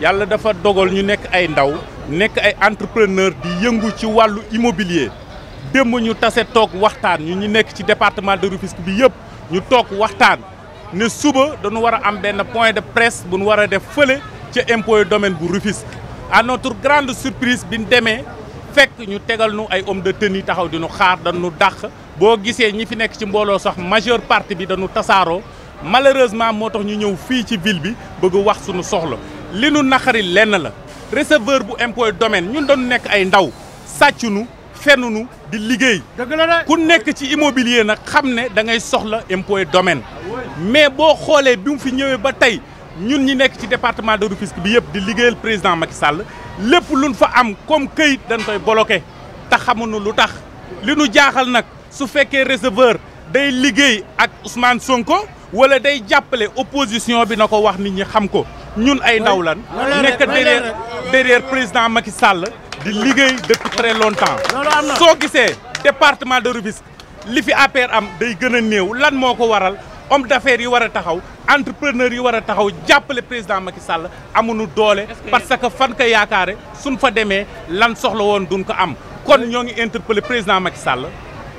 yàlla dafa dogal ñu nekk ay ndaw nekk ay entrepreneur di yëngu ci wàllu immobilier démb ñu tase toog waxtaan ñu ñu nekk ci département de Rufisque bi yëpp ñu toog waxtaan ne suba dañu war a am benn point de presse bu nu war a def fële ca impôt domaine bu Rufisque à notre grande surprise bi ñu demee fekk ñu tegal nu ay homme de tenue taxaw di nu xaar dañu dàq boo gisee ñi fi nekk ci mbooloo sax majeure partie bi dañu tasaaroo malheureusement moo tax ñu ñëw fii ci ville bi bëgg wax suñu soxla li nu naqari lenn la receveur bu impôt domaine ñun doon nekk ay ndaw sàccunu fenunu di liggéey. ku nekk ci immobilier nag xam ne da ngay soxla impôt domaine. mais boo xoolee bi mu fi ñëwee ba tey ñun ñi nekk ci département de Rufisque bi yëpp di liggéeyal président Macky Sall lépp luñ fa am comme këyit dañ koy bloqué te xamuñu lu tax li nu jaaxal nag su fekkee receveur day liggéey ak usmaan Sonko wala day jàppale opposition bi na ko wax nit ñi xam ko. ñun ay ndaw lan nekk derrière derrière président Macky Sall di liggéey depuis très longtemps soo gisee département de Rufisque li fi APR am day gën a néew lan moo ko waral homme d'affaires yi war a taxaw entrepreneur yi war a taxaw jàppale président Macky Sall amuñu doole parce que fan ko yaakaare suñ fa demee lan soxla woon duñ ko am kon ñoo ngi interpellé président Macky Sall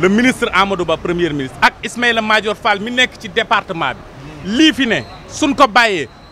le ministre Amadou Ba premier ministre ak Ismaïla Madior Fall mi nekk ci département bi lii fi ne suñ ko bàyyee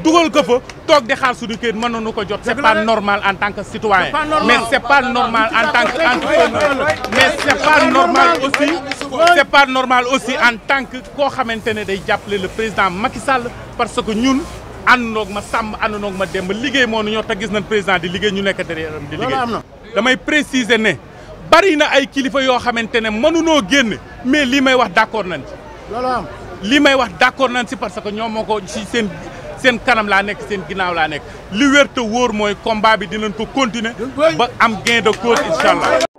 Dougal ko fa toog di xaar suñu kër mënoon na ko jot. c'est pas normal en tant que citoyen mais c'est pas normal en tant que entrepreneur mais c'est pas normal aussi c'est pas normal aussi en tant que koo xamante day jàppale le président Macky Sall parce que ñun. àndoon ma sàmm àndoon ma dem liguey mo ñu ñor gis nañ président di liguey ñu nek derrière di liguey damay préciser né bari na ay kilifa yo xamantene ne mënunoo mais lii may wax d'accord nañ ci. loolu am lii may wax d'accord nañ ci parce que ñoom moo ci sen seen kanam laa nekk seen ginnaaw laa nekk li wér wóor mooy combat bi dinañ ko continuer ba am gain de cause incha